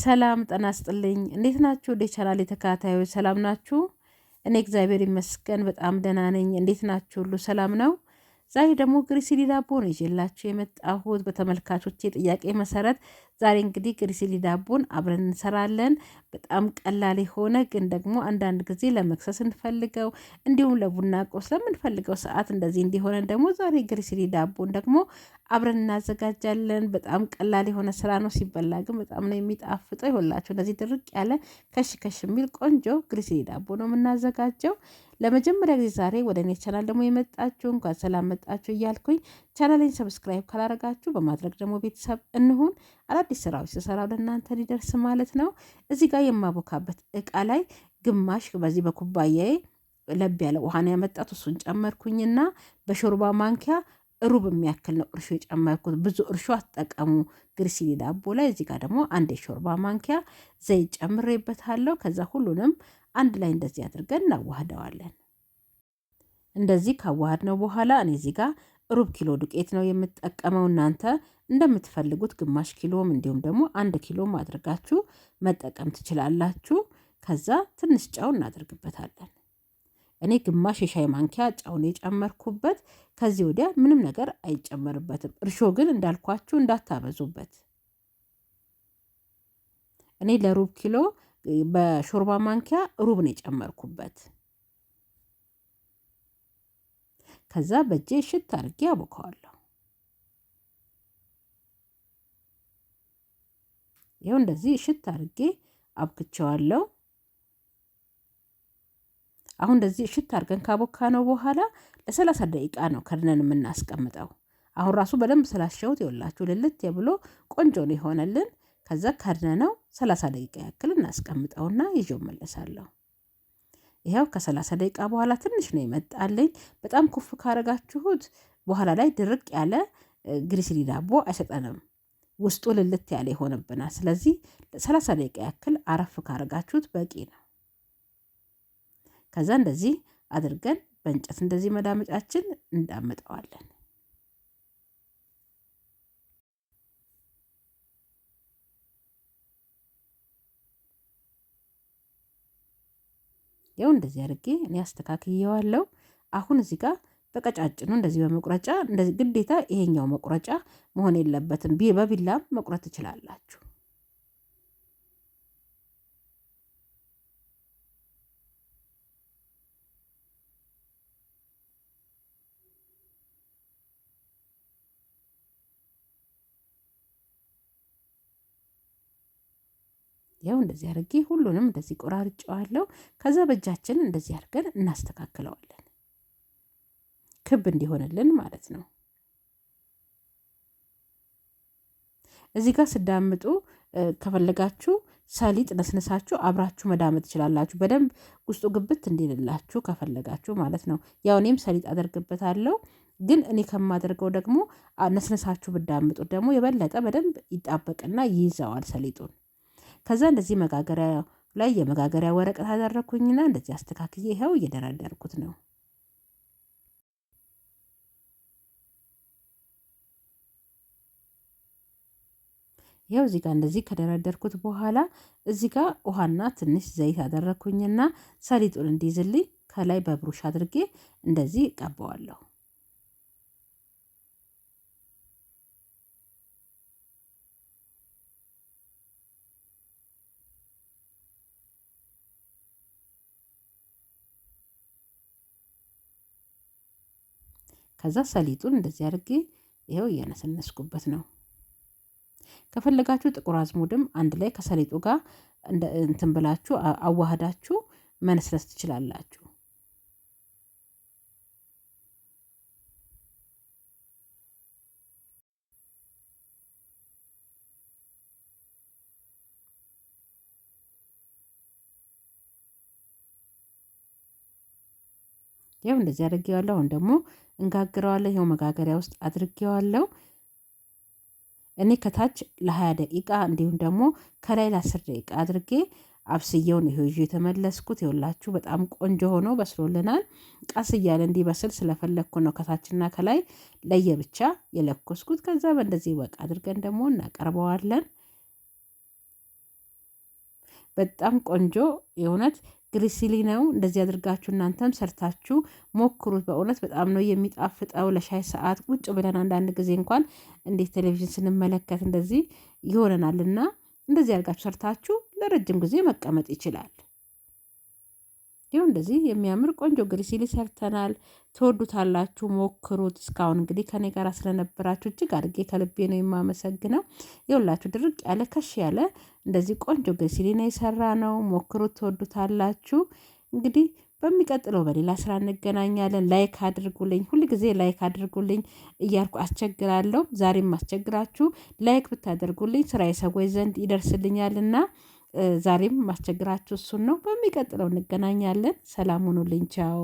ሰላም ጠና ስጥልኝ። እንዴት ናችሁ? ወደ ቻናል የተከታታዮች ሰላም ናችሁ? እኔ እግዚአብሔር ይመስገን በጣም ደህና ነኝ። እንዴት ናችሁ? ሁሉ ሰላም ነው? ዛሬ ደግሞ ግሪሲሊ ዳቦ ነው ይዤላችሁ የመጣሁት በተመልካቾች ጥያቄ መሰረት። ዛሬ እንግዲህ ግሪሲሊ ዳቦን አብረን እንሰራለን። በጣም ቀላል የሆነ ግን ደግሞ አንዳንድ ጊዜ ለመክሰስ እንፈልገው እንዲሁም ለቡና ቁርስ ለምንፈልገው ሰዓት እንደዚህ እንዲሆነን ደግሞ ዛሬ ግሪሲሊ ዳቦን ደግሞ አብረን እናዘጋጃለን። በጣም ቀላል የሆነ ስራ ነው። ሲበላ ግን በጣም ነው የሚጣፍጠው። ይሆላቸው እንደዚህ ድርቅ ያለ ከሽ ከሽ የሚል ቆንጆ ግሪሲሊ ዳቦ ነው የምናዘጋጀው። ለመጀመሪያ ጊዜ ዛሬ ወደ እኔ ቻናል ደግሞ የመጣችሁ እንኳን ሰላም መጣችሁ እያልኩኝ ቻናሌን ሰብስክራይብ ካላረጋችሁ በማድረግ ደግሞ ቤተሰብ እንሁን። አዳዲስ ስራዎች ስሰራ ወደ እናንተ ሊደርስ ማለት ነው። እዚህ ጋር የማቦካበት እቃ ላይ ግማሽ በዚህ በኩባያዬ ለብ ያለ ውሃ ያመጣት። እሱን ጨመርኩኝና በሾርባ ማንኪያ ሩብ የሚያክል ነው እርሾ የጨመርኩት። ብዙ እርሾ አትጠቀሙ ግሪሲሊ ዳቦ ላይ። እዚህ ጋር ደግሞ አንድ የሾርባ ማንኪያ ዘይት ጨምሬበታለሁ። ከዛ ሁሉንም አንድ ላይ እንደዚህ አድርገን እናዋህደዋለን። እንደዚህ ካዋሃድ ነው በኋላ እኔ እዚህ ጋር ሩብ ኪሎ ዱቄት ነው የምጠቀመው። እናንተ እንደምትፈልጉት ግማሽ ኪሎም እንዲሁም ደግሞ አንድ ኪሎም አድርጋችሁ መጠቀም ትችላላችሁ። ከዛ ትንሽ ጨው እናደርግበታለን። እኔ ግማሽ የሻይ ማንኪያ ጨውን የጨመርኩበት፣ ከዚህ ወዲያ ምንም ነገር አይጨመርበትም። እርሾ ግን እንዳልኳችሁ እንዳታበዙበት። እኔ ለሩብ ኪሎ በሾርባ ማንኪያ ሩብ ነው የጨመርኩበት። ከዛ በእጄ ሽት አድርጌ አቦከዋለሁ። ይኸው እንደዚህ ሽት አድርጌ አብክቸዋለሁ። አሁን እንደዚህ እሽት አድርገን ካቦካ ነው በኋላ ለሰላሳ ደቂቃ ነው ከድነን የምናስቀምጠው። አሁን ራሱ በደንብ ስላሸሁት የወላችሁ ልልት የብሎ ቆንጆ ነው የሆነልን። ከዛ ከድነ ነው ሰላሳ ደቂቃ ያክል እናስቀምጠውና ይዤው መለሳለሁ። ይኸው ከሰላሳ ደቂቃ በኋላ ትንሽ ነው ይመጣልኝ። በጣም ኩፍ ካረጋችሁት በኋላ ላይ ድርቅ ያለ ግሪስሊ ዳቦ አይሰጠንም፣ ውስጡ ልልት ያለ ይሆንብናል። ስለዚህ ሰላሳ ደቂቃ ያክል አረፍ ካረጋችሁት በቂ ነው። ከዛ እንደዚህ አድርገን በእንጨት እንደዚህ መዳመጫችን እንዳምጠዋለን። ያው እንደዚህ አድርጌ እኔ አስተካክየዋለሁ። አሁን እዚህ ጋር በቀጫጭኑ እንደዚህ በመቁረጫ እንደዚህ ግዴታ ይሄኛው መቁረጫ መሆን የለበትም። በቢላም መቁረጥ ትችላላችሁ። ያው እንደዚህ አድርጌ ሁሉንም እንደዚህ ቆራርጨዋለሁ። ከዛ በእጃችን እንደዚህ አድርገን እናስተካክለዋለን፣ ክብ እንዲሆንልን ማለት ነው። እዚህ ጋር ስዳምጡ ከፈለጋችሁ ሰሊጥ ነስነሳችሁ አብራችሁ መዳመጥ ትችላላችሁ። በደንብ ውስጡ ግብት እንዲልላችሁ ከፈለጋችሁ ማለት ነው። ያው እኔም ሰሊጥ አደርግበታለሁ፣ ግን እኔ ከማደርገው ደግሞ ነስነሳችሁ ብዳምጡት ደግሞ የበለጠ በደንብ ይጣበቅና ይይዘዋል ሰሊጡን። ከዛ እንደዚህ መጋገሪያ ላይ የመጋገሪያ ወረቀት አደረግኩኝና እንደዚህ አስተካክዬ ይኸው እየደረደርኩት ነው። ይኸው እዚህ ጋር እንደዚህ ከደረደርኩት በኋላ እዚህ ጋር ውሃና ትንሽ ዘይት አደረግኩኝና ሰሊጡን እንዲይዝልኝ ከላይ በብሩሽ አድርጌ እንደዚህ ቀባዋለሁ። ከዛ ሰሊጡን እንደዚህ አድርጌ ይኸው እያነሰነስኩበት ነው። ከፈለጋችሁ ጥቁር አዝሙድም አንድ ላይ ከሰሊጡ ጋር እንትን ብላችሁ አዋህዳችሁ መነስለስ ትችላላችሁ። ያው እንደዚህ አድርጌዋለሁ። አሁን ደግሞ እንጋግረዋለሁ። ይኸው መጋገሪያ ውስጥ አድርጌዋለሁ። እኔ ከታች ለ20 ደቂቃ እንዲሁም ደግሞ ከላይ ለ10 ደቂቃ አድርጌ አብስየውን ይሄው ይዤ የተመለስኩት ይኸውላችሁ፣ በጣም ቆንጆ ሆኖ በስሎልናል። ቀስ እያለ እንዲበስል ስለፈለግኩ ነው ከታችና ከላይ ለየብቻ የለኮስኩት። ከዛ በእንደዚህ በቃ አድርገን ደግሞ እናቀርበዋለን። በጣም ቆንጆ የእውነት ግሪሲሊ ነው። እንደዚህ አድርጋችሁ እናንተም ሰርታችሁ ሞክሩት። በእውነት በጣም ነው የሚጣፍጠው። ለሻይ ሰዓት ቁጭ ብለን አንዳንድ ጊዜ እንኳን እንዴት ቴሌቪዥን ስንመለከት እንደዚህ ይሆነናልና እንደዚህ አድርጋችሁ ሰርታችሁ ለረጅም ጊዜ መቀመጥ ይችላል። ይሁን እንደዚህ የሚያምር ቆንጆ ግሪሲል ሰርተናል። ትወዱታላችሁ፣ ሞክሩት። እስካሁን እንግዲህ ከኔ ጋር ስለነበራችሁ እጅግ አድርጌ ከልቤ ነው የማመሰግነው። የሁላችሁ ድርቅ ያለ ከሽ ያለ እንደዚህ ቆንጆ ግሪሲሊ ነው የሰራ ነው። ሞክሩት፣ ትወዱታላችሁ። እንግዲህ በሚቀጥለው በሌላ ስራ እንገናኛለን። ላይክ አድርጉልኝ፣ ሁል ጊዜ ላይክ አድርጉልኝ እያልኩ አስቸግራለሁ። ዛሬም አስቸግራችሁ ላይክ ብታደርጉልኝ ስራ የሰዎች ዘንድ ይደርስልኛልና ዛሬም ማስቸግራችሁ እሱን ነው። በሚቀጥለው እንገናኛለን። ሰላም ሁኑልኝ። ቻው